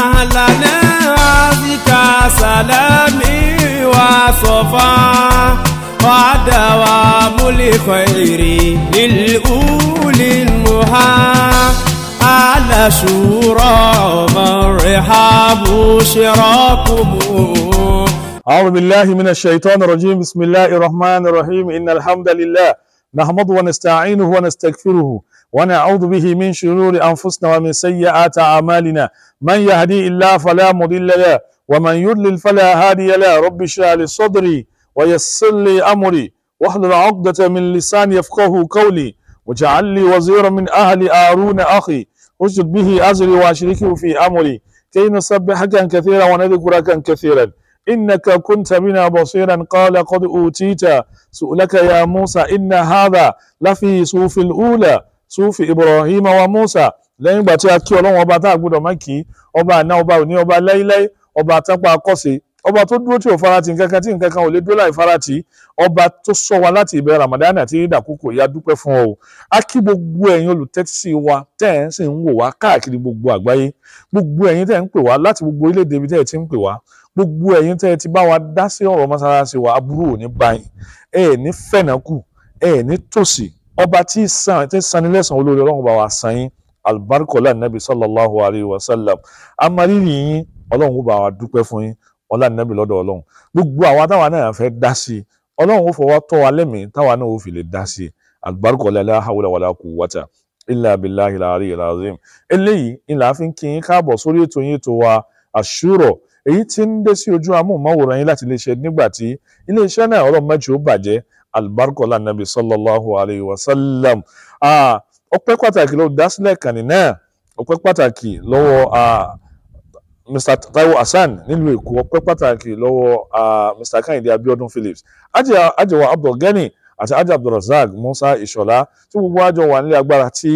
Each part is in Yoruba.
أهلا بك سلامي وصفا ودوام الخير للأولي المها على شورى مرحب شراكم أعوذ بالله من الشيطان الرجيم بسم الله الرحمن الرحيم إن الحمد لله نحمده ونستعينه ونستغفره ونعوذ به من شرور أنفسنا ومن سيئات أعمالنا من يهدي الله فلا مضل له ومن يضلل فلا هادي له رب اشرح لي صدري ويسر لي أمري واحلل عقدة من لساني يفقه قولي واجعل لي وزيرا من أهل آرون أخي أشد به أزري وأشركه في أمري كي نسبحك كثيرا ونذكرك كثيرا إنك كنت بنا بصيرا قال قد أوتيت سؤلك يا موسى إن هذا لفي صوف الأولى sufi ibrahim wa musa lẹ́yìn ìgbà tí a kí ọlọ́run ọba tá a gbọ́dọ̀ má kí ọba àná ọba òní ọba láíláí ọba àtàpá akọ́sẹ̀ ọba tó dúró tí ò farati nkankan tí nkankan ò lè dúró láì farati ọba tó sọ wa láti ìbẹ̀rẹ̀ ramadan àti ìdàkókò ìyá dúpẹ́ fún ọ o a kí gbogbo ẹ̀yin olùtẹ́tísí wa tẹ́ ẹ̀ ń sì ń wò wá káàkiri gbogbo àgbáyé gbogbo ẹ̀yin tẹ́ ẹ̀ ń pè wá láti gbogbo orílẹ̀-èdè ibi tẹ́ ẹ̀ ti ń pè wá gbogbo ẹ̀yin tẹ́ ẹ̀ ti bá wa dá sí ọ̀rọ̀ mọ́sálásí wa aburú ò ní bá yín ẹ̀ ní fẹ̀nàkù ẹ̀ ní tòsí ọba tí san tí sanilẹ́sàn olórí ọlọ́run bá wa san yín albarkola nabi sallallahu alayhi wa sallam amariri yín ọlọ́run bá wa dúpẹ́ fún yín ọlá nabi lọ́dọ̀ ọlọ́run gbogbo àwa táwa náà fẹ́ dá sí i ọlọ́run ó fọwọ́ tọ́ wa lẹ́mìí táwa náà ó fi lè dá sí i albarkola la hawla wala quwwata illa billahi al-aliyyil azim eléyìí ìlà fi ń kí yín káàbọ̀ sórí ètò yín tó wa àṣúrọ̀ èyí tí ń dé sí ojú amóhùnmáwòrán yín láti iléeṣẹ́ nígbà tí iléeṣẹ́ náà ọlọ́mọ mẹ́jọ bàjẹ́ alibarikola nabi sallallahu alayhi wa sallam ọpẹ́ pàtàkì ló dásílẹ̀ kàní náà ọpẹ́ pàtàkì lọ́wọ́ mr taiwo hasan nílùú èkó ọpẹ́ pàtàkì lọ́wọ́ mr kayinde abiodun phillips ajẹwà abdulgani àti ajẹ abdulrasaq musa ìṣọlá tí gbogbo àjọ wà nílé agbára tí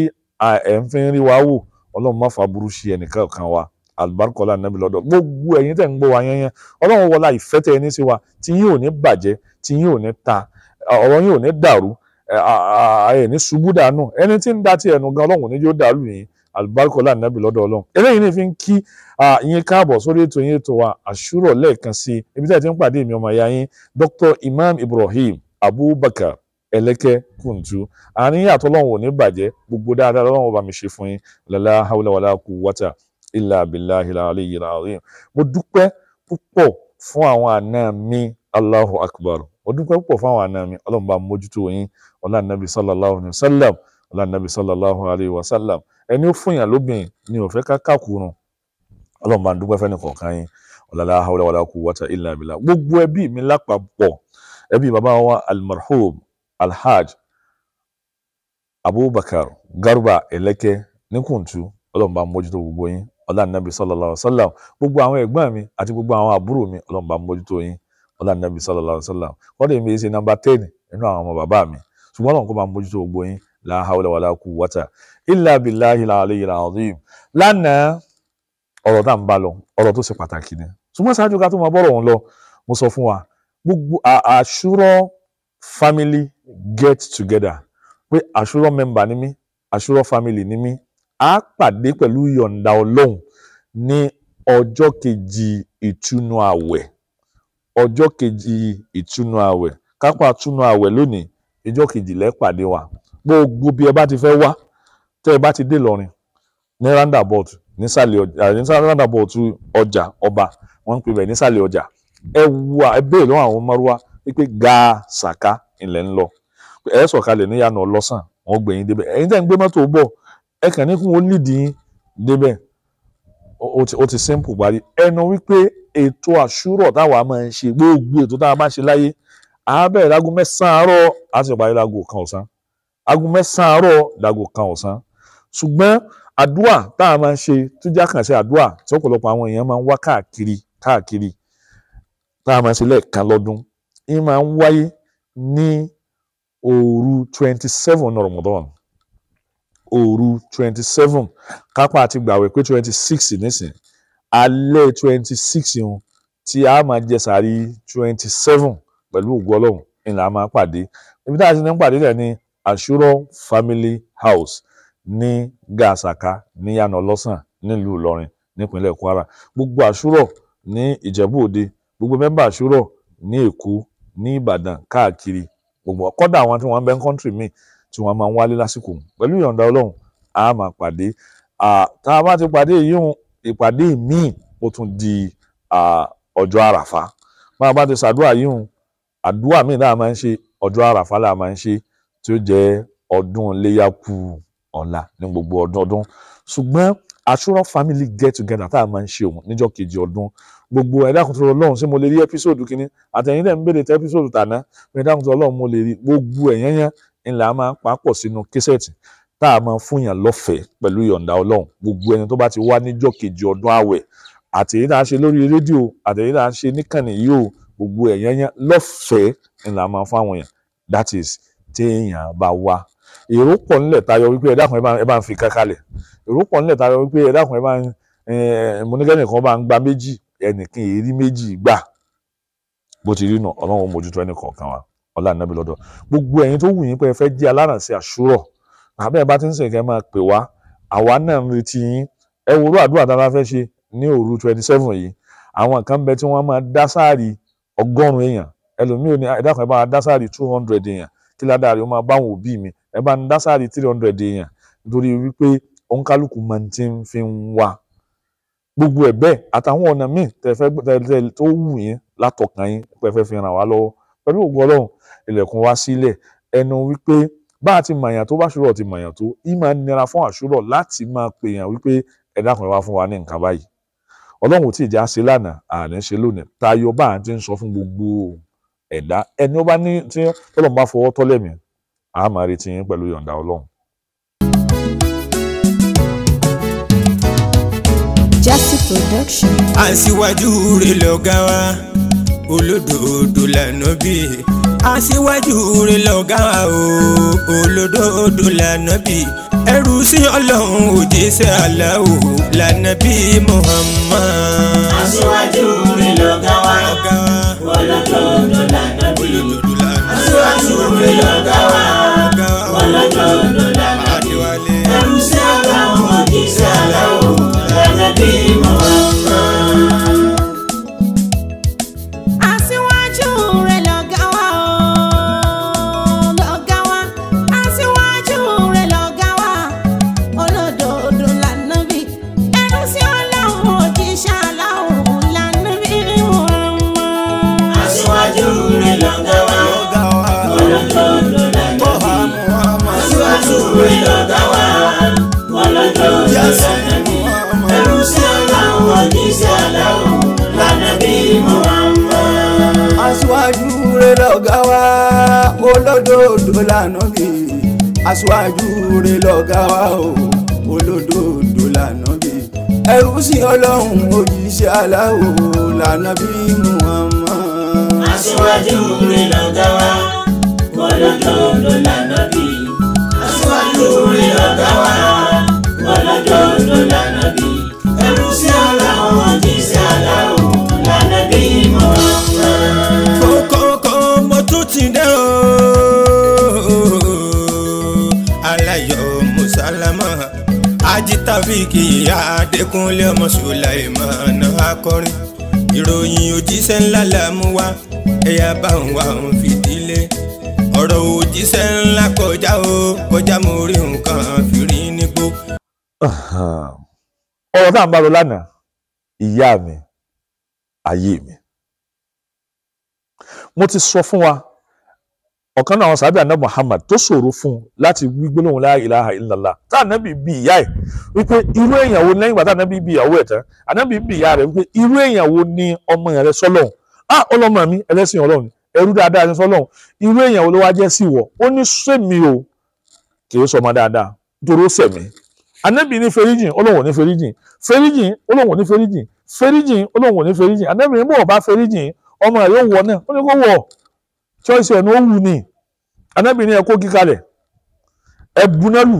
ẹ̀ ń fi ń rí wa wò ọlọ́run má fa burú sí ẹnìkan kan wa alibarikola nabi lọ́dọ̀ gbogbo ẹ̀yin tẹ́ ń gbọ́ wa yẹn yẹn ọlọ́run wọlá ìfẹ́ tẹ́ ẹ ní sí wa tí yín ò ní bàjẹ́ tí yín ò ní ta ọ̀rọ̀ yín ò ní dàrú ẹ̀ ní ṣubú dànù ẹni tí ń dá tí ẹnu gan ọlọ́run níjó dàlù yín àlùbáríkọlá nàbì lọ́dọ̀ ọlọ́run eléyìí ní fi ń kí yín káàbọ̀ sórí ètò yín ètò wa àṣúrọ̀ lẹ́ẹ̀kan sí ibi tí a ti ń pàdé mi ọmọ ìyá yín Dr. Imam Ibrahim Abubakar ẹlẹ́kẹ́ kùntù àárín yàtọ̀ ọlọ́run ò ní bàjẹ́ gbogbo dáadáa ọlọ́run ọba mi ṣe fún yín lálá haúlá wàlá quwwata illa billahi aliyyil azim mo dúpẹ́ púpọ̀ fún àwọn àna mi Allahu akbar mo dúpẹ́ púpọ̀ fáwọn àna mi ọlọ́run bá mójútó yín ọlá nàbì sallallahu alayhi wa sallam ọlá nàbì sallallahu alayhi wa sallam ẹni ó fún yàn lóbìnrin ni ò fẹ́ ká kàkùrùn ọlọ́run bá ń dúpẹ́ fẹ́ni kọ̀ọ̀kan yín ọ̀làlá haúlá wàlá quwwata illa billah gbogbo ẹbí mi lápapọ̀ ẹbí bàbá wa almarhum alhaj abubakar garba eleke níkùntù ọlọ́run bá mójútó gbogbo yín ọlá sallallahu alayhi wa sallam gbogbo àwọn ẹ̀gbọ́n mi àti gbogbo àwọn àbúrò mi ọlọ́run bá mójútó yín ọlọ́run nàbí sallallahu alaihi wasallam kọ́dé mi ṣe nọmba ten nínú àwọn ọmọ bàbá mi ṣùgbọ́n ọlọ́run kó máa mójútó gbogbo yín la hawla wala quwwata illa billahi al-aliyyil azim lánàá ọ̀rọ̀ tá à ń bá lọ ọ̀rọ̀ tó ṣe pàtàkì ni ṣùgbọ́n ṣáájú ká tó máa bọ́rọ̀ wọn lọ mo sọ fún wa gbogbo àṣúrọ̀ family get together pé àṣúrọ̀ member ni mí àṣúrọ̀ family ni mí a pàdé pẹ̀lú ìyọ̀ǹda ọlọ́run ní ọjọ́ kejì ìtúnu àwẹ̀ ọjọ́ kejì ìtúnu ààwẹ̀ kápá túnu ààwẹ̀ lónìí ìjọ́ kejìlẹ́ pàdé wa gbogbo bí ẹ bá ti fẹ́ wá tẹ́ ẹ bá ti dé lọrin ní roundabout nísàlẹ̀ ọjà ní roundabout ọjà ọba wọ́n ń pè bẹ́ẹ̀ nísàlẹ̀ ọjà ẹ wá ẹ lọ́wọ́ àwọn wípé gaa sàká ilẹ̀ ń lọ ẹ níyànà ọlọ́sàn wọ́n gbẹ̀yìn débẹ̀ ẹ̀yin tẹ́ ń gbé mọ́tò bọ̀ ẹ ó ti ó ti simple gbari ẹnu wípé ètò àṣúrọ̀ táwa máa ń ṣe gbogbo ètò táwa máa ń ṣe láyé àábẹ̀rẹ̀ láago mẹ́sàn-án àárọ̀ á sì parí láago kan ọ̀sán aago mẹ́sàn-án àárọ̀ láago kan ọ̀sán ṣùgbọ́n àdúà tá a máa ń ṣe tó jẹ́ àkànṣe àdúà tí ọ̀pọ̀lọpọ̀ àwọn èèyàn máa ń wá káàkiri káàkiri tá máa ń ṣe lẹ́ẹ̀kan lọ́dún ń máa ń wáyé ní òru twenty seven Ramadan òru twenty seven kápá àti gbàwẹ̀ pé twenty six nísìn alẹ́ twenty six yun tí a máa jẹ sàárì twenty seven pẹ̀lú ògo ọlọ́run ni là máa pàdé ibi tá a ti ní pàdé rẹ̀ ni àṣúrọ̀ family house ní gàṣàkà ní yànà lọ́sàn nílùú ìlọrin nípínlẹ̀ kwara gbogbo àṣúrọ̀ ní ìjẹ̀bú òde gbogbo mẹ́mbà àṣúrọ̀ ní èkó ní ìbàdàn káàkiri gbogbo kọ́dà àwọn tí wọ́n ń bẹ ń kọ́ńtì míì tí wọ́n máa ń wálé lásìkò pẹ̀lú ìyọ̀ǹda ọlọ́run a máa pàdé tá a bá ti pàdé yíyún ìpàdé míì ó tún di ọjọ́ àràfá máa bá ti ṣàdúrà yíyún àdúrà míì náà máa ń ṣe ọjọ́ àràfá là máa ń ṣe tí ó jẹ́ ọdún léyà ọ̀la ní gbogbo ọdún ọdún ṣùgbọ́n àṣúrọ̀ family get together tá a máa ń ṣe òun níjọ́ kejì ọdún gbogbo ẹ̀dá kan tó lọ lọ́hùn sí mo lè rí ẹ́písòdù kínní àtẹ̀yìn dẹ̀ ń béèrè tẹ́ tàná ẹ̀dá tó lọ́hùn mo lè rí gbogbo ẹ̀yẹ́yẹ́ ńlá máa ń papọ̀ sínú késẹ̀tì tá a máa fún yàn lọ́fẹ̀ẹ́ pẹ̀lú ìyọ̀ǹda ọlọ́run gbogbo ẹni tó bá ti wá níjọ́ kejì ọdún àwẹ̀ àtẹ̀yìn tá a ṣe lórí rédíò àtẹ̀yìn tá a ṣe níkànnì yìí o gbogbo ẹ̀yán yẹn lọ́fẹ̀ẹ́ ńlá máa fún àwọn yàn that is téèyàn bá wá èrò pọ̀ nílẹ̀ tayọ wípé ẹ dákun ẹ bá ń fi kankalẹ̀ èrò pọ̀ nílẹ̀ tayọ wípé ẹ dákun ẹ bá ń mo ní kẹ́nìkan bá ń gba méjì ẹnì ọlá nàbí lọ́dọ̀ gbogbo ẹ̀yin tó wù yín pé ẹ fẹ́ jẹ́ alárànṣẹ́ àṣúrọ̀ àbẹ́ ẹ bá ti ń sìn kẹ́ máa pè wá àwa náà ń retí yín ẹ wo orú àdúrà tá a bá fẹ́ ṣe ní òru twenty seven yìí àwọn kan bẹ tí wọ́n máa dá sáàrì ọgọ́rùn-ún èèyàn ẹlòmíì ní ẹ dákun ẹ bá dá sáàrì two hundred èèyàn kí ládàá rẹ ó máa báwọn òbí mi ẹ bá ń dá sáàrì three hundred èèyàn nítorí wípé òǹkálùkù máa ti ń fi ń wá gbogbo ẹ bẹ́ẹ̀ àtàwọn ọ̀nà míì tẹ fẹ́ tó wù yín látọkàn yín pẹ́ fi ràn wá lọ́wọ́ pẹ̀lú ògo ilẹ̀kùn wa sílẹ̀ ẹnu wípé bá a ti màyàn tó bá ṣúrọ̀ ti màyàn tó yìí máa nira fún àṣúrọ̀ láti máa pèèyàn wípé ẹ dákun ẹ wá fún wa ní nǹkan báyìí ọlọ́run tí ìjà ṣe lánàá àná ṣe lónìí tayọ bá à ń ti ń sọ fún gbogbo ẹ̀dá ẹni ó bá ní tí ọlọ́run bá fọwọ́ tọ́lẹ̀mí a máa retí yín pẹ̀lú yọ̀ǹda ọlọ́run. Jasi Production. àṣìwájú rẹ̀ lọ́gá wa olódodo lànà bíi aṣíwájú rẹ̀ lọ̀gá o olódodo lànàbí ẹrú sí ọlọ́run òjíṣẹ́ aláwo lànàbí Muhammad. aṣíwájú rẹ̀ lọ̀gá wa olódodo lànàbí aṣíwájú rẹ̀ lọ̀gá wa olódodo lànàbí ẹrú sí ọlọ́run òjíṣẹ́ aláwo. olódodo lànàbì aṣáájú rẹ̀ lọ́gá wa o olódodo lànàbì ẹrú sí ọlọ́run òjíṣẹ́ aláwo lànàbì Muhammad. aṣáájú rẹ̀ lọ́gá wa olódodo lànàbì aṣáájú rẹ̀ lọ́gá wa olódodo lànàbì ẹrú sí ọlọ́run. tàbíkì ìyá adékúnlé ọmọ Sùláìmọ̀n akọrin ìròyìn òjíṣẹ́ ńlá la mú ẹ̀yà bá ń wá ń fìdílé ọ̀rọ̀ òjíṣẹ́ ńlá kọjá o kọjá mo rí nǹkan fìrí nígbó. ọ̀rọ̀ tá à ń bá lọ lánàá ìyá mi ayé mi mo ti sọ fún wa ọ̀kan náà àwọn sábẹ́ àná Muhammad tó ṣòro fún un láti wí gbólóhùn la ilaha illallah tá ànábì bí ìyá ẹ̀ wípé irú èèyàn wo lẹ́yìn ìgbà tá ànábì bí ìyàwó ẹ̀ tán ànábì bí ìyá rẹ̀ wípé irú èèyàn wo ni ọmọ rẹ sọ́lọ́hún á ọlọ́mọ mi ẹlẹ́sìn ọlọ́run ẹrú dáadáa ni sọ́lọ́hún irú èèyàn wo ló wá jẹ́ sí wọ ó ní sẹ́mi o kì í sọmọ dáadáa nítorí ó sẹ̀mí ànábì ní feríjìn ọlọ́run ní feríjìn feríjìn ọlọ́run ní feríjìn feríjìn ọlọ́run ní feríjìn ànábì ní bọ̀ bá feríjìn ọmọ rẹ̀ yóò wọ náà ó ní kó wọ̀ choice ẹ̀ ní ó wù ní anábìrin ẹ̀ kó kíkalẹ̀ ẹ̀ bunálù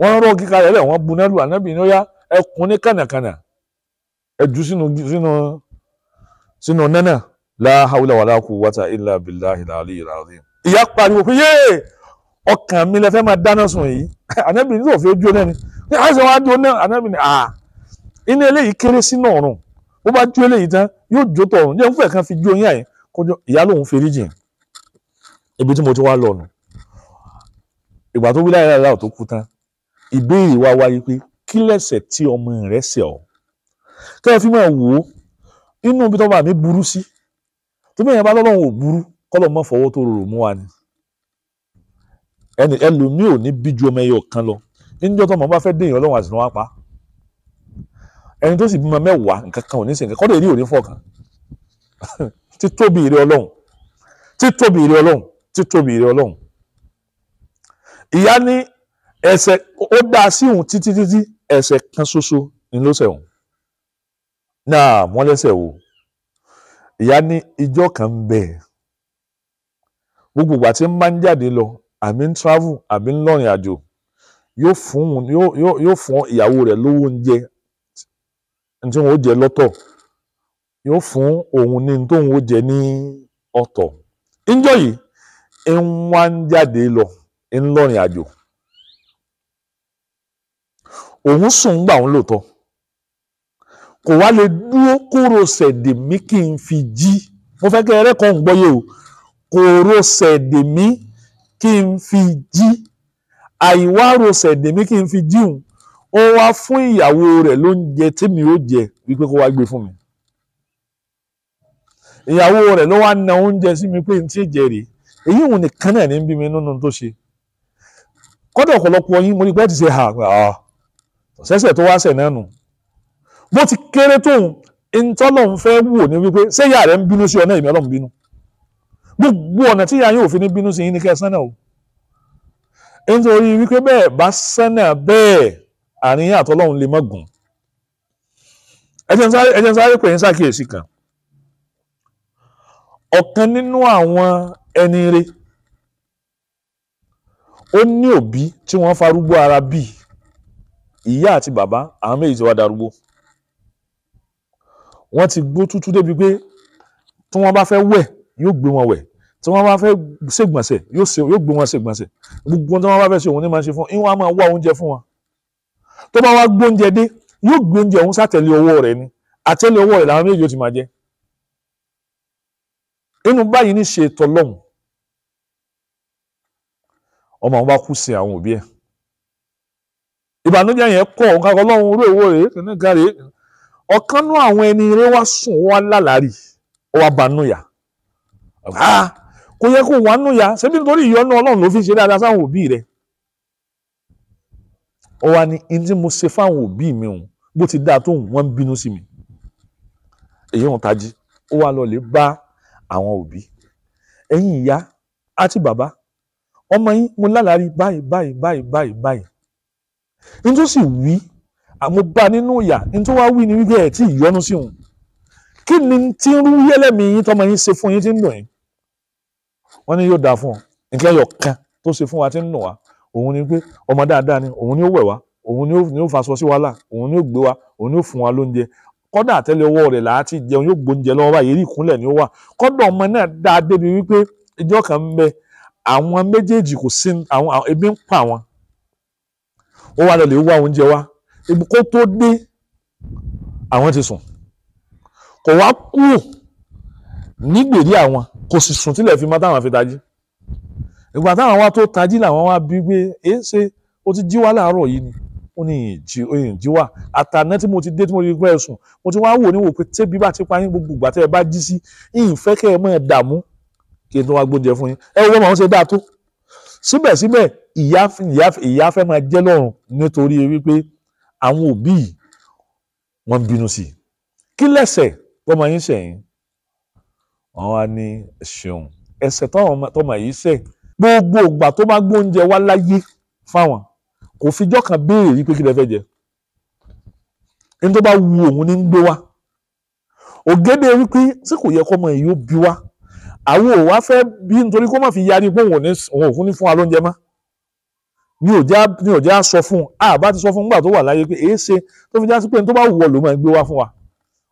wọ́n rọ́ kíkalẹ̀ lẹ̀ wọ́n bunálù anábìrin ó yá ẹ̀ kún ní kànàkànà ẹ̀ jù sínú sínú sínú nánà la hawla wala quwwata illa billahi al-aliyyil azim. ìyá pariwo pé yéè ọkàn mi lẹ fẹ́ máa dáná sùn yìí anábìrin tó fẹ́ jóná ni àìsàn wa jóná anábìrin à iná eléyìí kéré sínú ọ̀run bó bá jó eléyìí tán yóò jó tọ̀run jẹ́ ń fẹ́ kan fi jó yín àyè kọjọ ìyá lòun ferí jìn ibi tí mo ti wá lọ ìgbà tó wí láyé láyé tó kú tán ìbéèrè wa wáyé pé kí lẹ̀ṣẹ̀ tí ọmọ rẹ̀ ṣẹ̀ ọ́ kẹ́ ẹ fi máa wò ó inú ibi tó bá mi burú sí tó bẹ́ẹ̀ yẹn bá lọ́lọ́run ò burú kọ́lọ̀ mọ́ fọwọ́ tó rorò mú wa ni ẹni ẹlòmíì ò ní bí ju ọmọ ẹyọ kan lọ níjọ́ tó ọmọ bá fẹ́ déyìn ọlọ́run àti ìnáwó pa ẹni tó sì bímọ mẹ́wàá nǹkan kan ò ní sèǹkan kọ́dọ̀ èrí ò ní fọ̀kan títóbi ìrẹ́ ọlọ́run títóbi ìrẹ́ ọlọ́run títóbi rẹ ọlọ́run ìyá ní ẹ̀ṣẹ̀ ó dá sí òun títí títí ẹ̀ṣẹ̀ kan ṣoṣo ni ló ṣẹ̀ òun náà wọ́n lẹ́ṣẹ̀ wò ìyá ní ijọ́ kan ń bẹ gbogbo ìgbà tí ń máa ń jáde lọ àmì ń travel àmì ń lọ́rìn àjò yóò fún yóò fún ìyàwó rẹ̀ lówó oúnjẹ tí wọn ó jẹ lọ́tọ̀ yóò fún òun ní tóun ó jẹ ní ọ̀tọ̀ ńjọ́ yìí ń wá ń jáde lọ ń lọ́rìn àjò òun sùn ń gbà òun lóòótọ́ kò wá lè dúró kóró sẹ̀dè mí kí n fi jí mo fẹ́ kí ẹrẹ́ kan gbọ́yé o kóró sẹ̀dè mí kí n fi jí àìwá rosẹ̀ dèmí kí n fi jíun ó wá fún ìyàwó rẹ̀ lóúnjẹ tèmi ó jẹ wípé kó wá gbé fún mi ìyàwó rẹ̀ ló wá na oúnjẹ sí mi pé n tí jẹ rèé èyí òun nìkan náà ní bí mi nínú tó ṣe kọ́dọ̀ ọ̀pọ̀lọpọ̀ yín mo ní pẹ́ ti ṣe hà ṣẹ̀ṣẹ̀ ah, tó wá ṣẹ̀ náà nù bó ti kéré tóun ntọ́lọ́hún fẹ́ wò ní wípé ṣé ìyá rẹ̀ ń bínú sí ọ náà èmi ọlọ́run bínú gbogbo ọ̀nà tí ìyá yóò fi ní bínú sí yín ní kẹ́ sánà o nítorí wípé bẹ́ẹ̀ bá sánà bẹ́ẹ̀ àárín àtọ́lọ́hún lè mọ́gùn ẹ̀jẹ̀ ń sáré pè é sákìyèsí kan ẹni rẹ̀ ó ní òbí tí wọ́n farúgbó ara bí ìyá àti bàbá àwọn méjì ti wá darúgbó wọ́n ti gbó tútú débi pé tí wọ́n bá fẹ́ wẹ̀ yóò gbé wọn wẹ̀ tí wọ́n bá fẹ́ ṣègbọ̀nsẹ̀ yóò gbé wọn ṣègbọ̀nsẹ̀ gbogbo tí wọ́n bá fẹ́ ṣe òun ní máa ṣe fún ìwọ̀n á máa wá oúnjẹ fún wọn tó bá wá gbóúnjẹ dé yóò gbóúnjẹ òun sátẹ̀lé ọwọ́ rẹ̀ ni àtẹ̀lé ọwọ́ rẹ̀ làwọn méjì ó ti máa jẹ inú báyìí ní ṣe tọlọ́hún ọmọ àwọn bá kú sin àwọn òbí ẹ̀ ìbànújẹ́ yẹn kọ òun kakọ lọhùnún orí owó rèé kìnnìún kan rèé ọ̀kan nú àwọn ẹni eré wá sùn wá lálàárì ó wá banúyà kò yẹ kó wà núyà ṣebí nítorí ìyọ́nú Ọlọ́run ló fi ṣe dáadáa sáwọn òbí rẹ̀ ó wá ní ní mo ṣe fáwọn òbí mi òun bó ti dáa tó wọ́n bínú sí mi èyí òun tají ó wá lọ lè bá àwọn òbí ẹ̀yin ìyá àti bàbá ọmọ yín mo lálàárí báyìí báyìí báyìí báyìí báyìí n tó sì wí àmọ́ bá nínú ìyà n tó wá wí ni wípé ẹ̀ tí ìyọnu sí òun kí ni tí ń rú yẹlẹ́mì yín tọmọ yín ṣe fún yín tí ń dùn yín wọ́n ní yóò dáa fún ọ nǹkan ẹyọ kan tó ṣe fún wa tí ń nù wá òun ni pé ọmọ dáadáa ni òun ni ó wẹ̀ wá òun ni ó faṣọ sí wa là òun ni ó gbé wa òun ni ó fún wa lóúnjẹ kọ́dà àtẹ́lẹ̀ ọwọ́ rẹ̀ láti jẹun yóò gbóúnjẹ lọ́wọ́ báyìí eré ìkúnlẹ̀ ni ó wà kọ́dà ọmọ náà dáa débi wípé ìjọ kan ń bẹ àwọn méjèèjì kò sí àwọn ebi ń pa wọn ó wà lọ́lẹ̀ wá oúnjẹ wá ebi kó tó dé àwọn ti sùn kò wá kúrò nígbèrí àwọn kò sì sùn tílẹ̀ fi máa táwọn fi tají ìgbà táwọn wá tó tají làwọn wá bí pé èé ṣe ó ti jí wá láàárọ̀ yìí ni ó ní ìjì ìjì wà àtàná tí mo ti dé tí mo ti gbọ́ ẹ̀sùn mo ti wá wò ní wò pé tẹ́bí bá ti pa yín gbogbo ìgbà tẹ́ ẹ bá jí sí yín fẹ́ kẹ́ ẹ mọ́ ẹ dààmú kí n tó wá gbóúnjẹ fún yín ẹ wọ́n máa ń ṣe dáa tó síbẹ̀síbẹ̀ ìyá ìyá ìyá fẹ́ máa jẹ́ lọ́rùn nítorí wípé àwọn òbí yìí ń bínú sí i kí lẹ́sẹ̀ wọ́n máa yín sẹ̀yìn wọ́n wá ní ṣeun ẹ̀sẹ̀ tó kò fijọ́ kan béèrè yí pé kí lè fẹ́ jẹ ní tó bá wu òun ní ń gbé wá ògédè wípé tí kò yẹ kọ́mọ yìí ó bí wá àwọn ò wá fẹ́ bí nítorí kó má fi yarí pé òun ò ní fún wa lóúnjẹ mọ́ ni ò já ni ò já sọ fún un a bá ti sọ fún un nígbà tó wà láyé pé èé ṣe tó fi já sí pé ní tó bá wù ọ ló máa gbé wá fún wa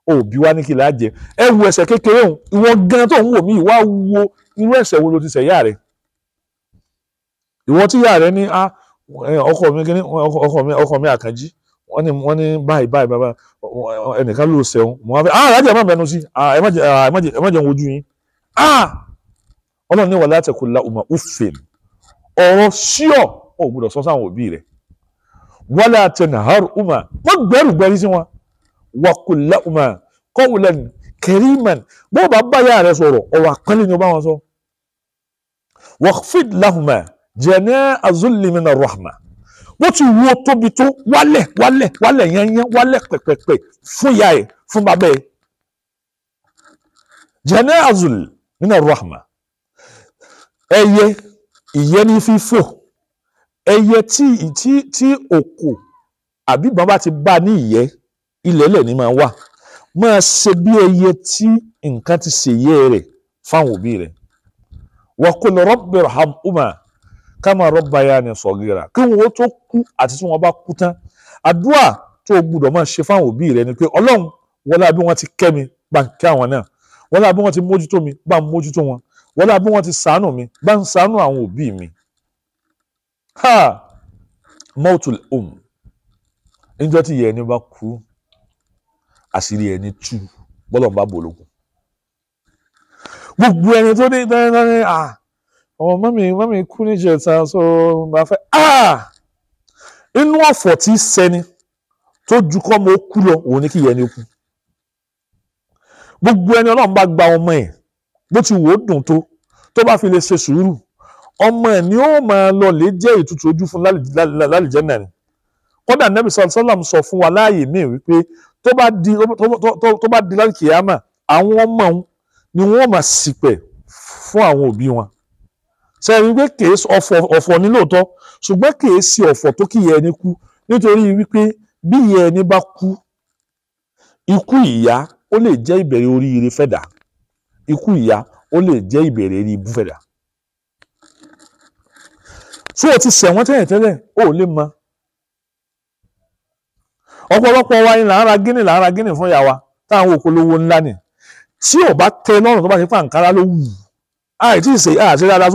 ò bí wá ní kí là á jẹ ẹ wu ẹ̀ṣẹ̀ kékeré òun ìwọ gan tó ń wò mí ìwà wo irú ẹ̀ṣẹ̀ wo ló ti ṣẹ̀ yá rẹ ìwọ tí yá rẹ ní a. Ah, ọkọ mi kíní ọkọ mi ọkọ mi àkànjí wọ́n ní wọ́n ní báyìí báyìí báyìí ẹnìkan ló sẹ́wọ̀n mo wá fẹ́ ah alájà má bẹnu sí ah, ah ẹ má jẹ ẹ má jẹ ẹ má jẹ wojú yín ah ọlọ́run ní wà láti ẹ̀kọ́ la ọmọ ufèm ọ̀rọ̀ síọ̀ ò gbọ́dọ̀ sọ sáwọn òbí rẹ̀ wàlá tẹnahar ọmọ wọ́n gbẹ́rù gbẹ́rí sí wọn wàkùlá ọmọ kọ́wùlẹ̀ kẹrìmán bọ́ọ̀ báyà rẹ̀ sọ̀rọ̀ ọ̀rọ̀ àpẹẹrẹ ni ó bá wọn sọ wàkùfìd láhùmá jẹ̀nẹ́ azulimina rahma bó ti wo tóbi tó wálẹ̀ wálẹ̀ wálẹ̀ yẹnyẹn wálẹ̀ pẹ̀pẹ̀pẹ̀ fún ìyá ẹ̀ fún bàbá ẹ̀ jẹ̀nẹ́ azulimina rahma ẹyẹ ìyẹni fífò ẹyẹ tí tí tí òkú àbí bàbá ti bá ní ìyẹ́ ilẹ̀lẹ̀ ni máa wà máa ṣe bí ẹyẹ tí nǹkan ti ṣèyẹ rẹ̀ fáwọn òbí rẹ̀ wà kó lọ rabbi irhamhuma kámá rọ́bà ya ni sọ̀gìrà kí wọ́n tó kú àti tí wọ́n bá kú tán àdúrà tó o gbúdọ̀ máa ṣe fáwọn òbí rẹ ni pé ọlọ́run wọlé àbí wọ́n ti kẹ́ mi bá ń kẹ́ àwọn náà wọlé àbí wọ́n ti mójútó mi bá ń mójútó wọn wọlé àbí wọ́n ti sàánù mi bá ń sàánù àwọn òbí mi. ha mautul um níjọ́ tí yẹn ni bá kú àṣírí ẹ̀ ní tú bọ́lọ̀ ń bá bò lókun gbogbo ẹni tó ní tẹ́lẹ̀ tẹ́lẹ̀ ah ọmọ mami mami kú níjẹta so bá ah inú ọ̀fọ̀ tí sẹni tó ju kọ́ mo kú lọ òun ni kí yẹn ni kú gbogbo ẹni ọlọ́run bá gba ọmọ ẹ̀ bó ti wò ó dùn tó tó bá fi lè ṣe sùúrù ọmọ ẹ̀ ni ó máa lọ lè jẹ́ ìtutù ojú fún lálìjẹ́ náà ni kódà nẹ́bí sọ́lám sọ fún wa láàyè míì wípé tó bá di tó di lálìkìyàmà àwọn ọmọ òun ni wọ́n máa ṣìpẹ̀ fún àwọn òbí wọn ṣe rí pé kèé ọ̀fọ̀ ọ̀fọ̀ ní lóòótọ́ ṣùgbọ́n kèé sí ọ̀fọ̀ tó kìí ẹni kú nítorí wípé bí ìyá ẹni bá kú ikú ìyá ó lè jẹ́ ìbẹ̀rẹ̀ oríire fẹ̀dá ikú ìyá ó lè jẹ́ ìbẹ̀rẹ̀ eré ibú fẹ̀dá. ṣé o ti ṣẹ̀wọ́n tẹ́lẹ̀ tẹ́lẹ̀ o ò lè mọ. ọ̀pọ̀lọpọ̀ wa ni là ń ra gíní là ń ra gíní fún ìyá wa táwọn òkòlówó ńlá ni tí ò bá tẹ lọ́rùn tó bá ti pàǹkárá ló wù àìtí ìṣe àṣẹ dáadáa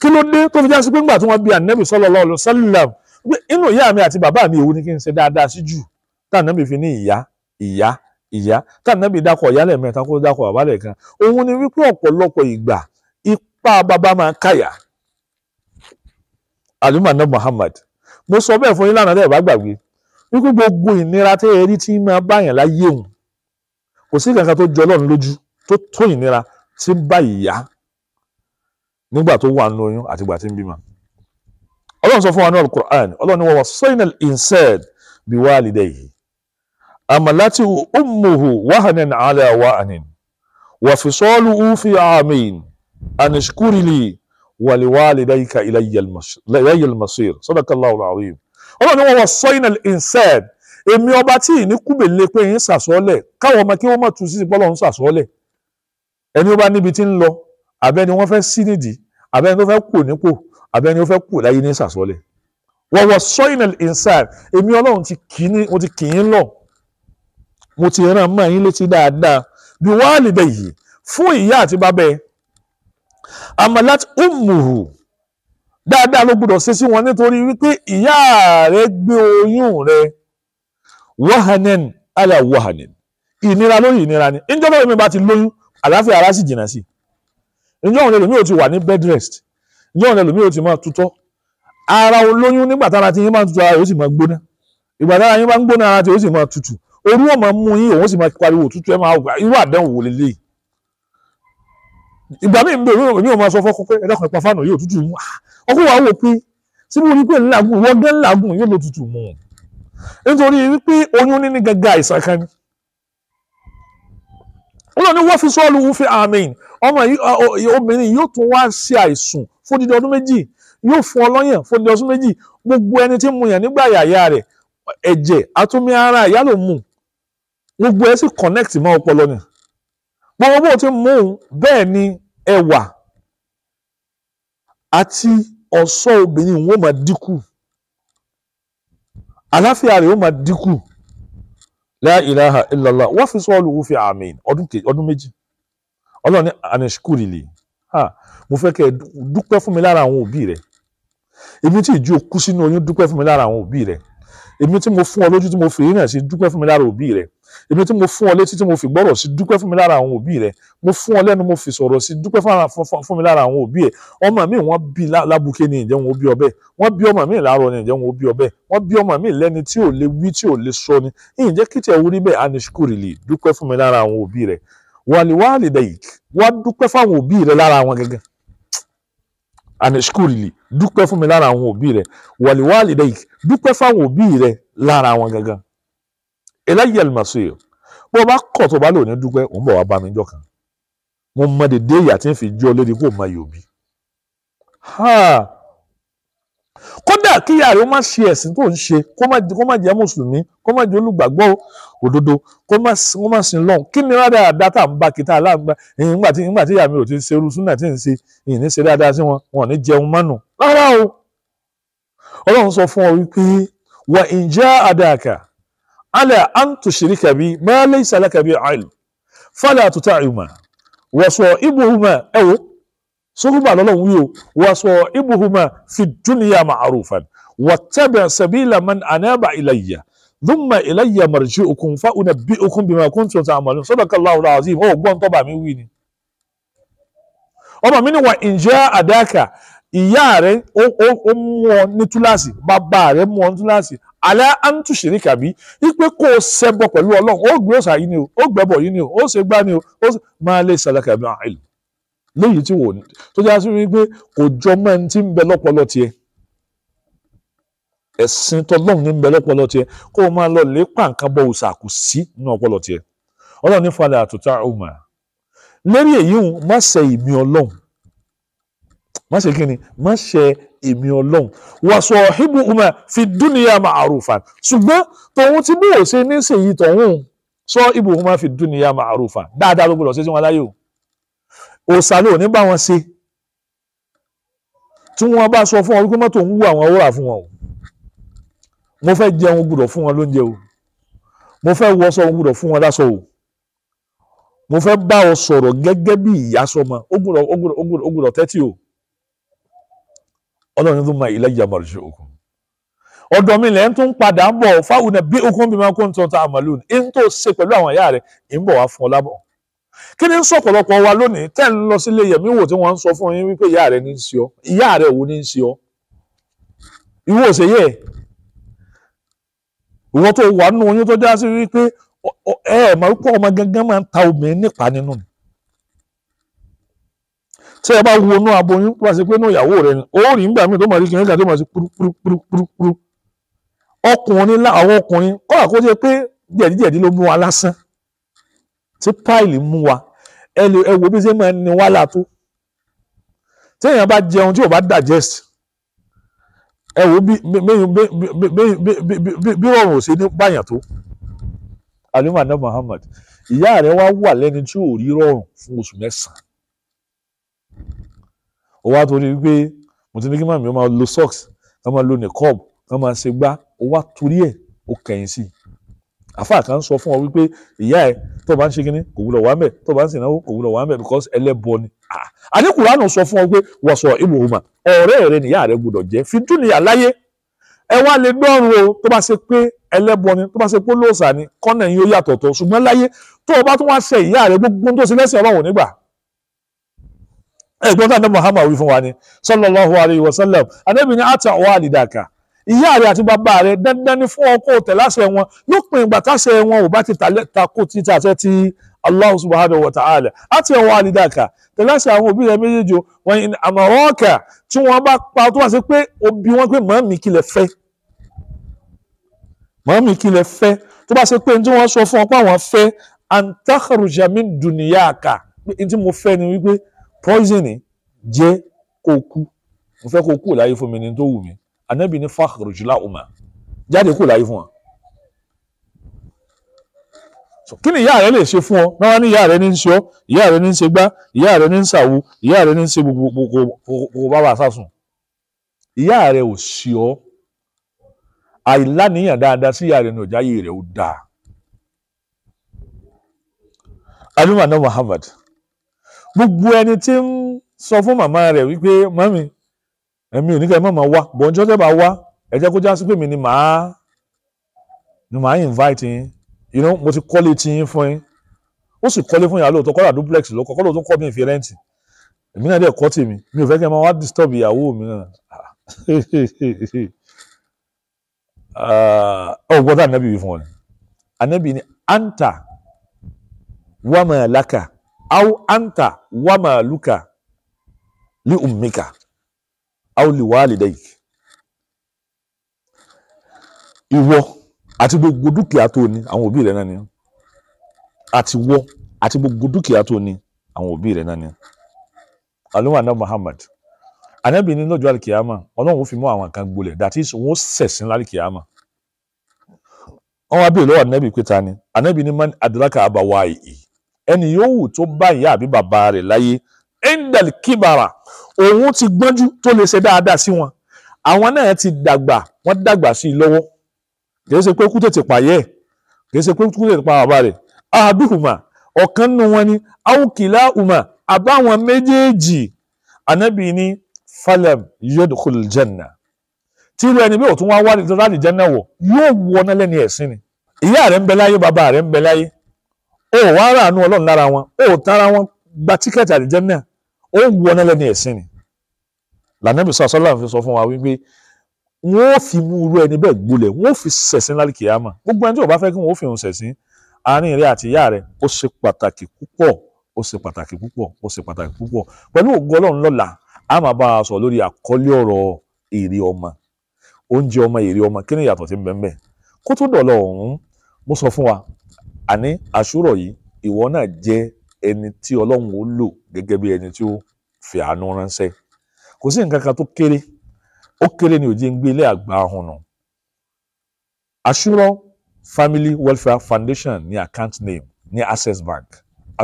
kí ló dé tó fi já sí pé ńgbà tí wọ́n bi ànẹ́bì sallallahu alaihi wasallam pé inú ìyá mi àti bàbá mi èwo ni kí n ṣe dáadáa sí jù tànẹ́bì fi ní ìyá ìyá ìyá tànẹ́bì dákọ̀ ìyá lẹ́ẹ̀mẹ́ta kó dákọ̀ bàbá lẹ́ẹ̀kan òun ni wípé ọ̀pọ̀lọpọ̀ ìgbà ipá bàbá máa káyà alimana Muhammad mo sọ bẹ́ẹ̀ fún yín lánàá lẹ́ẹ̀ bá gbàgbé wípé gbogbo ìnira tẹ́ ẹ rí tí máa báyàn láyé òun kò sí kankan tó jọ lójú tó tó ìnira tí ń bá ìyá nígbà tó wà nínú oyún àtìgbà tí ń bímọ. ọlọ́run sọ fún wa ní alukur'an ọlọ́run ni wa wasaina al-insana biwalidayhi amalati ummuhu wahanan ala wahanin wa fisaluhu fi amayn an ishkurili wa liwalidayka ilayya al-masir sadaqallahu al-azim ọlọ́run ni wa wasaina al-insana èmi ọba tí ì ní kúbèlè pé yín sàsọ́ọ́lẹ̀ káwọn ọmọ kí wọ́n mọ̀ tún sí abẹ́ni wọ́n fẹ́ sí nídìí abẹ́ni tó fẹ́ kù nípò abẹ́ni ó fẹ́ kù láyé ní sàsọ́lẹ̀ wọ́n wọ sọ́yìn ìnsàn èmi ọlọ́run ti kì í mo ti kì í lọ mo ti ràn mọ́ yín létí dáadáa bí wọ́n á lè bẹ̀ yìí fún ìyá àti bàbá amalat umuhu dáadáa ló gbọdọ̀ ṣe sí wọn nítorí wípé ìyá rẹ̀ gbé oyún rẹ̀ wahanen ala wahanen ìnira lórí ìnira ni ìjọba mi bá ti lóyún àlàáfíà ara sì jìnnà sí i ǹjọ́ òun ẹlòmíì ò ti wà ní bed rest ǹjọ́ òun ẹlòmíì ò ti máa tutọ́ ara olóyún nígbà tára tí yín máa ń tutù ara yóò sì máa gbóná ìgbà tára yín máa ń gbóná ara tí yóò sì máa tutù orú ò máa mú yín òun sì máa pariwo òtútù ẹ máa wà irú àdánwò wò lélẹ́yìí ìgbà míì ń bẹ èmi ò máa sọ fọ́kọ pé ẹ̀dá kan ìpa fáànù yóò tútù mú ah, ọkọ wa wò pé síbi orí pé ńlágùn ìwọ́gẹ́ ńlágùn yóò lò tútù mú nítorí wípé oyún níní gẹ́gẹ́ àìsàn kan ni olóòní wọ́n fi sọ́ọ̀lù wúfẹ́ amen ọmọ obìnrin yóò tún wá ṣe àìsùn fún dídí ọdún méjì yóò fún ọlọ́yàn fún dídí ọdún méjì gbogbo ẹni tí mu yàn nígbà yàyà rẹ̀ ẹ̀jẹ̀ atúmí ara ìyá ló mu gbogbo ẹ sì connect mọ́ ọpọlọ ni gbogbo bó ti mú un bẹ́ẹ̀ ni ẹwà àti ọ̀ṣọ́ obìnrin wọn máa dínkù àláfíà rẹ̀ ó máa dínkù la ilaha illallah wọ́n fi sọ́ọ́ lu wúfi àmín ọdún méjì ọlọ́run ní anishkuri li ha mo fẹ́ kẹ́ ẹ dúpẹ́ fún mi lára àwọn òbí rẹ̀ èmi tí ìjú okú sínú oyún dúpẹ́ fún mi lára àwọn òbí rẹ̀ èmi tí mo fún ọ lójú tí mo fèrè náà sí dúpẹ́ fún mi lára òbí rẹ̀ èmi tí mo fún ọ létí tí mo fi gbọ́rọ̀ sí dúpẹ́ fún mi lára àwọn òbí rẹ mo fún ọ lẹ́nu mo fi sọ̀rọ̀ sí dúpẹ́ fún mi lára àwọn òbí ẹ ọmọ mi wọ́n bí lábùké ni ìjẹun òbí ọbẹ wọ́n bí ọmọ mi láàárọ̀ ni ìjẹun òbí ọbẹ wọ́n bí ọmọ mi lẹ́ni tí ò lè wí tí ò lè sọ ni ìjẹ́ kí tẹ̀ wúrí bẹ́ẹ̀ anishkurili dúpẹ́ fún mi lára àwọn òbí rẹ wàlíwàlì dẹ̀yìk wá dúpẹ́ fáwọn òbí rẹ lára àwọn gẹ́gẹ́ anishkurili dúpẹ́ fún mi lára àwọn òbí rẹ wàlíwàlì dẹ̀yìk dúpẹ́ fáwọn òbí rẹ lára àwọn gẹ́gẹ́ eléyìí àlùmọ̀sọ̀yọ̀ bó o bá kọ̀ tó o bá lò ní dúpẹ́ òun bọ̀ wá bá mi jọ kan mo mọ dédé ìyà tí n fi jọ lórí kó o mọ yòóbí kódà kí ìyá rẹ ó má ṣe ẹ̀sìn tó ń ṣe kó má jẹ́ mùsùlùmí kó má jẹ́ olùgbàgbọ́ òdodo kó má sin lọ́hùn kí ni rárá dáta ń bá kíta aláǹgbá nígbà tí nígbà tí ìyá mi ò ti ṣe irú súnà tí ń ṣe ìní ṣe dáadáa sí wọn wọn ní jẹun mọ́nù rárá o ọlọ́run sọ fún ọ wípé wà ń jẹ́ àdáàkà ala an tushrika bi ma laysa laka bi ilm fala tuta'ima wa sa'ibuhuma aw suhba lọ́lọ́run wí o wa sa'ibuhuma fi dunya ma'rufan wattabi' sabila man anaba ilayya thumma ilayya marji'ukum fa unabbi'ukum bima kuntum ta'malun sadaqallahu alazim o gbọ́n tó bá mi wí ni ọmọ mi ni wa in ja'adaka ìyá rẹ ó mú ọ ní túláàsì bàbá rẹ mú ọ ní túláàsì alẹ́ àǹtúṣìírí kàbí wípé kó o pẹ̀lú ọlọ́run ó gbé yìí ni o ó gbẹ́bọ̀ yìí ni o ó ṣe gbá ni o máa lè ṣàlàkà bí léyìí tí wò ní tó jásí kò jọ mọ́ ń bẹ ẹ̀sìn ní ń bẹ tiẹ̀ kó lọ lé ń má ṣe má ṣe kí ni má ṣe èmi ọlọ́run wàṣọ hibuhuma fi dúnìyà ma'arufa ṣùgbọ́n tòun ti bóyá ṣe ní ṣèyí tòun sọ ibuhuma fi dúnìyà ma'arufa dáadáa ló gbọdọ̀ ṣe sí wọn láyé o òòṣà ló ní bá wọn ṣe tí wọn bá sọ fún wọn wípé mọ́tò ń wú àwọn wúrà fún wọn o mo fẹ́ jẹun gbọdọ̀ fún wọn lóúnjẹ o mo fẹ́ wọṣọ gbọdọ̀ fún wọn láṣọ o mo fẹ́ bá ọ sọ̀rọ̀ gẹ́gẹ́ bí ìyá sọmọ ó gbọdọ̀ tẹ́tí o ọlọ́run tó máa ilayya marji'ukum ọ̀dọ̀ mi lẹ́yìn tó ń padà ń bọ̀ fáwọn ẹbí okun bíi máa kó ń tọ́ta àmàlù ní ń tó ṣe pẹ̀lú àwọn ìyá rẹ̀ ń bọ̀ wá fún ọ lábọ̀ kí ni ń sọ ọ̀pọ̀lọpọ̀ wa lónìí tẹ́ ń lọ sílé yẹ̀mí wò tí wọ́n ń sọ fún yín wípé ìyá rẹ̀ ní í ṣe ọ́ ìyá rẹ̀ wo ní í ṣe ọ́ ìwọ ò ṣe yẹ ìwọ tó wà nínú oyún tó já sí wípé ẹ ẹ̀ máa pọ̀ ọmọ gangan máa ń ta obìnrin nípa nínú ni tí ẹ bá wo inú aboyún wá sí pé inú ìyàwó rẹ ni ó rí nígbà míì tó mọ̀ rí kìnìún kan tó mọ̀ sí púrúpúrúpúrú ọkùnrin ní àwọn ọkùnrin kọ́ra kó jẹ́ pé jẹ̀díjẹ̀dí ló mú wa lásán tí páìlì mú wa ẹ lè ẹ wo bí ṣe máa ní wàhálà tó téèyàn bá jẹun tí ò bá digest ẹ wo bí bí rọrùn ò ṣe ní báyàn tó alimadu Muhammad ìyá rẹ wá wà lẹ́ni tí ò rí rọrùn fún oṣù mẹ́sàn-án ó wá torí wípé mo ti ní kí màmí ó máa lo socks ó máa lo nìkọ́b ó máa ṣe gbá ó wá torí ẹ̀ ó kẹ̀yìn sí i àfáà kan sọ fún ọ wípé ìyá ẹ tó bá ń ṣe kínní kò wúlọ̀ wá mẹ́ tó bá ń sìnáwó kò wúlọ̀ wá mẹ́ because ẹlẹ́bọ ni àdínkùránù sọ fún ọ pé wọ́n sọ ìlú ọmọ ọ̀rẹ́ rẹ nìyá rẹ gbọdọ̀ jẹ́ fi dún ní àláyé ẹ wá lè gbọ́rùn o tó bá ṣe pé ẹlẹ́bọ ni tó bá ṣe pé lóòsà ni kọ́nà yín ó yàtọ̀ tó ṣùgbọ́n láyé tó o bá tún wá ṣe ìyá rẹ gbogbo tó ṣe lẹ́sìn ọlọ́run ẹ̀gbọ́n tàbí Muhammad wí fún wa ni sallallahu alayhi wa sallam anábì ní àtà wà nídàkà ìyá rẹ àti bàbá rẹ dandan ni fún ọkọ tẹ̀láṣẹ wọn lópin ìgbà táṣẹ wọn ò bá ti takò títà àṣẹ ti Allah subhanahu wa ta'ala àti ẹwà nídàkà tẹ̀láṣẹ àwọn òbí rẹ méjèèjì wọn ni àmọ̀rọ́ọ̀kà tí wọ́n bá pa tó wá sí pé òbí wọn pé màmí kílẹ̀ fẹ́ màmí kílẹ̀ fẹ́ tó bá ṣe pé tí wọ́n sọ fún ọ pé àwọn fẹ́ antakharuja min duniyaka tí mo fẹ́ ni wípé poisoning jẹ́ kó kú mo fẹ́ kó kú láyé fún mi ní tó wù mí anabi ní fakhrujla umma jáde kú láyé fún wa kí ni ìyá rẹ lè ṣe fún ọ náà ní ìyá rẹ ní ń ṣe ọ ìyá rẹ ní ń ṣe gbá ìyá rẹ ní ń ṣàwo ìyá rẹ ní ń ṣe gbogbo bàbá sásùn ìyá rẹ ò ṣe ọ àìláníyàn dáadáa sí ìyá rẹ ní ọjà ayé rẹ ó dáa. alumana Muhammad gbogbo ẹni tí ń sọ fún màmá rẹ̀ wípé mọ́mí èmi ò ní kẹ́ ẹ má máa wá bọ̀njọ́ tẹ́ bá wá ẹ jẹ́ kó já sí pé mi ni màá ni màá invite yín you know mo ti kọ́lé tí yín fún yín ó sì kọ́lé fún ìyàwó lóòótọ́ kọ́lá duplex ló kọ́ kọ́lá tó kọ́ mi ìfi rẹ́ǹtì èmi náà dẹ̀ kọ́ tèmi mi ò fẹ́ kí ẹ máa wá disturb ìyàwó mi náà ọ gbọ́dọ̀ ah, oh, ànábì wí fún ọ ni ànábì ni anta wàmà laka au anta wa maluka li ummika au li walidaik ìwọ ati gbogbo dúkìá tó ní àwọn obi rẹ náà ni àti gbogbo ni muhammad anabi ní lọ́jọ́ alikiyama ọlọ́run fi mú àwọn kan gbolẹ̀ that is wọ́n sẹ̀sìn lálikiyama wọ́n wá bèèrè lọ́wọ́ anabi ni anabi ní man adraka abawayi ẹni yòówù tó bá ìyá àbí bàbá rẹ̀ láyé endel kíbara òun ti gbọ́njú tó lè ṣe dáadáa sí wọn àwọn náà ti dàgbà wọ́n dàgbà sí i lọ́wọ́ kìí ṣe pé kú tètè pààyẹ́ ẹ̀ kìí ṣe pé kú tètè pa bàbá rẹ̀ ahaduhuma ọ̀kan nínú wọn ni awukila uma àbáwọn méjèèjì anabi ni falem yodkul janna tí irú ẹni bí òtún wá wá láti janna wọ yóò wọ náà lẹ́ni ẹ̀sìn ni ìyá rẹ̀ ń bẹ láyé bàbá rẹ̀ ń bẹ láyé o wá ràánú ọlọ́run lára wọn o tara wọn gba tíkẹ́ẹ̀tì àlìjẹ́nnà o ń wọná lẹ́ni ẹ̀sìn ni lànàbì sọ àsọlá fi sọ fún wa wípé wọn ò fi mú irú ẹni bẹ́ẹ̀ gbolẹ̀ wọn ò fi ṣẹ̀sìn lálùkì àmà gbogbo ẹni tí ò bá fẹ́ kí wọn ò fi hàn ṣẹ̀sìn àárín rẹ àti ìyá rẹ ó ṣe pàtàkì púpọ̀ ó ṣe pàtàkì púpọ̀ ó ṣe pàtàkì púpọ̀ pẹ̀lú ògo ọlọ́run lọ́la a máa bá a sọ lórí àkọ́lé ọ̀rọ̀ èrè ọmọ oúnjẹ ọmọ èrè ọmọ kí ni ìyàtọ̀ ti ń bẹ́ẹ̀ kó tó dọ̀lọ́ ọ̀hún mo sọ fún wa àní àṣúrọ̀ yìí ìwọ náà jẹ́ ẹni tí ọlọ́run ó lò gẹ́gẹ́ bí ẹni tí ó fi àánú ránṣẹ́ kò sí nǹkan kan tó kéré ó kéré ni òjì ń gbé ilé àgbà ọ̀hún nù àṣúrọ̀ family welfare foundation ní account name ní access bank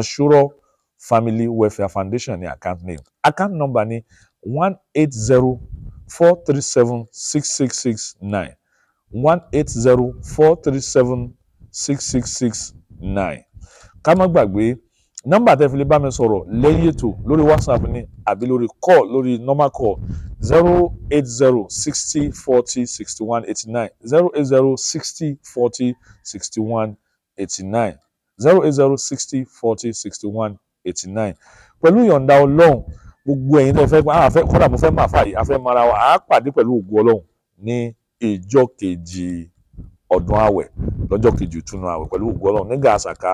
àṣúrọ̀ family welfare foundation ní account name account number ní one eight zero four three seven six six six nine one eight zero four three seven six six six nine ká má gbàgbé nọ́mbà tẹ́ fi lè bá mi sọ̀rọ̀ lẹ́yìn ètò lórí whatsapp ni àbí lórí call lórí normal call zero eight zero sixty forty sixty one eighty nine zero eight zero sixty forty sixty one eighty nine zero eight zero sixty forty sixty one eighty nine pẹ̀lú ìyọ̀ǹda ọlọ́run gbogbo ẹ̀yin náà fẹ́ máa fẹ́ kọ́dà mo fẹ́ máa fà yìí a fẹ́ mara wa àá pàdé pẹ̀lú ògo ọlọ́run ní ìjọ kejì. ọdún àwẹ̀ lọ́jọ́ kejì ìtúnu àwẹ̀ pẹ̀lú ògùn nígbà àsàká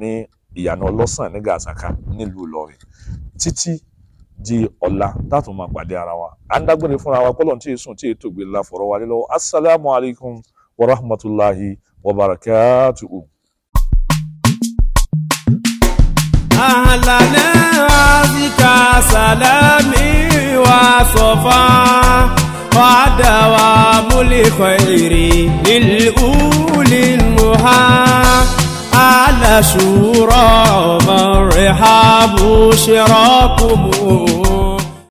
ní ìyànà ọlọ́sàn nígbà àsàká nílùú ìlọrin títí di ọla táàtún máa pàdé ara wa à ń dágbére fúnra wa pọ́lọ́n tí èsùn tí ètò fọ̀rọ̀ wa lé wa rahmatulahi wa barakatuhu. ودوام الخير للأول المحا على شورى مرحب شراكم